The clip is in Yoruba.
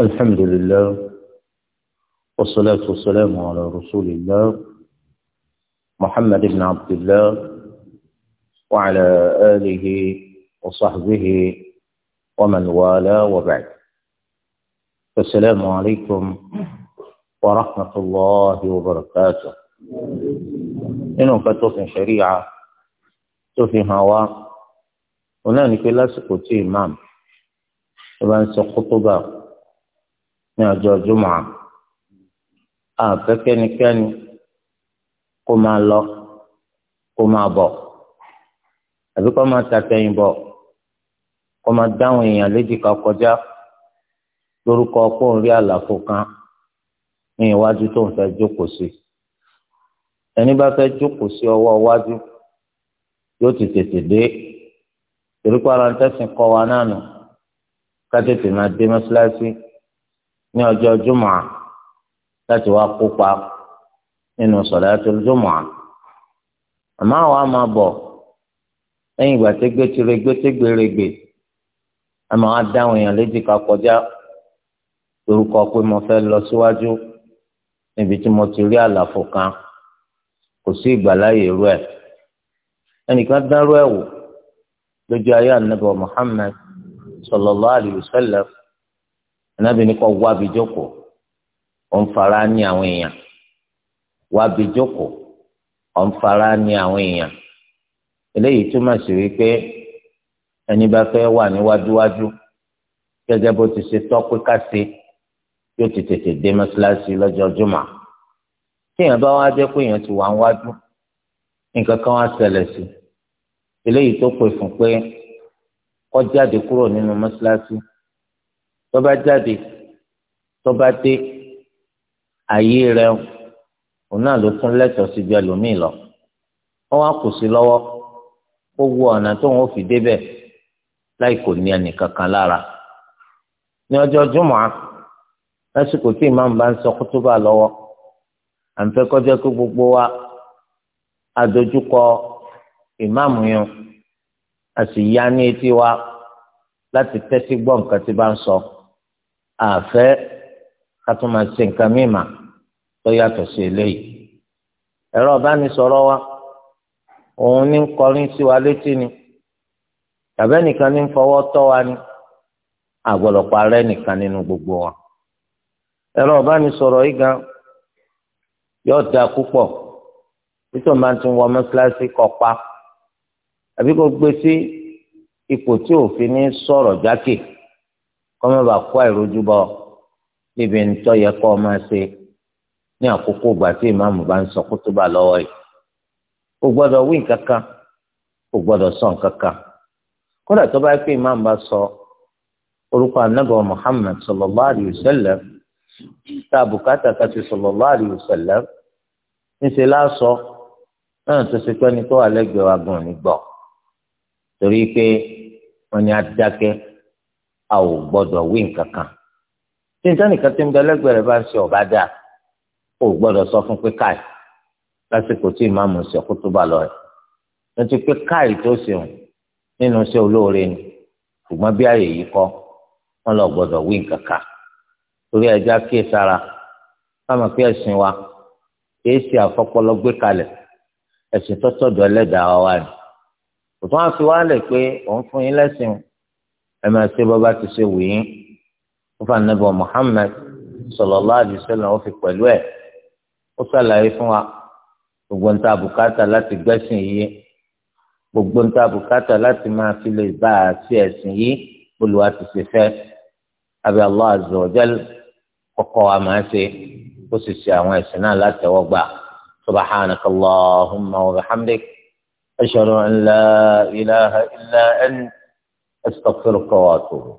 الحمد لله والصلاة والسلام على رسول الله محمد بن عبد الله وعلى آله وصحبه ومن والاه وبعد السلام عليكم ورحمة الله وبركاته إنه فتوفي شريعة توفي هوا هناك لاسكو تي إمام طبعا سخطبه ní ọjọ́ jùmọ̀ àfẹ́kẹ́nikẹ́ni kó máa lọ kó máa bọ̀ àbí kó máa tàtẹ̀yìn bọ̀ kó máa dáhùn èèyàn léjìká kọjá lórúkọ pòǹrí àlàfo kan ní iwájú tó ń fẹ́ jókòó sí ẹni bá fẹ́ jókòó sí ọwọ́ iwájú yóò ti tètè dé torí pé ara kọ́ wa náà nù ká tètè máa dé mọ́ṣáláṣí ní ọjọ́ jùmọ̀ láti wá kópa nínú sọ̀látul jùmọ̀ àmọ́ àwa máa bọ̀ lẹ́yìn ìgbà tí gbẹ́tìrẹ́gbẹ́ tí gbèrègbè a máa dáhùn èèyàn léjìká kọjá lórúkọ pé mo fẹ́ lọ síwájú níbi tí mo ti rí àlàfo kan kò sí ìgbàláyè irú ẹ̀ ẹnìkan dárú ẹ̀ wò lójú ayé ànábọ̀ Muhammad sallallahu alaihi wasallam anábì ní kó wá bi jókòó ó ń fara ní àwọn èèyàn wá bi jókòó ó ń fara ní àwọn èèyàn eléyìí túmọ̀ sí wípé ẹni bá fẹ́ wà níwájúwájú gẹ́gẹ́ bó ti ṣe tọ́ pé ká ṣe yóò ti tètè dé mọ́ṣáláṣí lọ́jọ́ jùmọ̀ bá wá jẹ́ pé èèyàn ti wà ń nǹkan kan wá ṣẹlẹ̀ sí eléyìí tó pè fún pé kó jáde kúrò nínú mọ́ṣáláṣí tó bá jáde tó bá dé ààyè rẹ òun náà ló kún lẹ́tọ̀ọ́ síbi ẹlòmíì lọ wọ́n wá kù sí lọ́wọ́ ó wu ọ̀nà tó wọn fi débẹ̀ láì kò ní ẹnìkankan lára ní ọjọ́ jùmọ̀ lásìkò tí ìmáàmù bá ń sọ kútúbà lọ́wọ́ à ń fẹ́ kọjá pé gbogbo wa adojúkọ ìmáàmù yẹn a sì yá ní etí wa láti tẹ́tí gbọ́ nǹkan tí bá ń sọ. So. àfẹ́ kátùmá ṣe nǹkan mímà tó yàtọ̀ sí eléyìí ẹ̀rọ ọ̀bánisọ̀rọ̀ wa òun ní kọrin sí wa létí ni tàbẹ́ nìkan ní fọwọ́ tọ́ wa ni nìkan nínú gbogbo wa ẹ̀rọ ọ̀bánisọ̀rọ̀ yìí gan yóò da púpọ̀ ti wọ mọ́sálásí àbí kò gbé kọ́mọ́bà kó àìrójú bọ́ níbi ńtọ́ yẹ kọ́ máa ṣe ní àkókò ìgbà tí ìmáàmù bá ń sọ kútúbà lọ́wọ́ yìí kò gbọ́dọ̀ wí nǹkan kan kò gbọ́dọ̀ sọ nǹkan kan kódà tó bá pé ìmáàmù bá sọ orúkọ anábọ̀ Muhammad sallallahu alayhi wa sallam tá a bùkátà ká ti sallallahu alayhi wa sallam níṣẹ́ láàṣọ náà tó ṣe pé ní tó wà lẹ́gbẹ̀ẹ́ wa gan-an ní torí pé wọ́n ní adákẹ́ a ò gbọ́dọ̀ wí nǹkan kan tí nítorí nìkan tí ń bẹ lẹ́gbẹ̀ẹ́ rẹ̀ bá ń ṣe ọ̀bá dáa ò gbọ́dọ̀ sọ fún pé káì lásìkò tí ìmáàmù ṣe kó tó bá lọ rẹ̀ lọ́tí pé káì tó ṣeun nínú iṣẹ́ olóore ni ṣùgbọ́n bí ààyè yìí kọ́ wọ́n lọ gbọ́dọ̀ wí nǹkan kan torí ẹja kíyè sára fáwọn pé ẹ̀sìn wa kìí ṣe àfọpọlọ gbé kalẹ̀ ẹ̀sìn tọ́tọ̀dọ̀ ẹlẹ́dàá wa ni òtún àfi wá lẹ̀ pé òun fún yín lẹ́sìn ẹ máa ṣe bọ́bá ti ṣe wù yín ó fà nàbọ̀ Muhammad sallallahu alaihi wasallam ó fi pẹ̀lú ẹ̀ ó ṣàlàyé fún wa gbogbo nta bùkátà láti gbẹ́sìn yìí gbogbo nta bùkátà láti máa fi lè bá a sí ẹ̀sìn yìí Olúwa ti ṣe fẹ́ abẹ́ Allah azza kọ́kọ́ wa máa ṣe ó sì ṣe àwọn ẹ̀sìn náà látẹ̀wọ́gbà subhanaka Allahumma wa bihamdik ashhadu an la ilaha illa ant astaghfiruka wa atubu.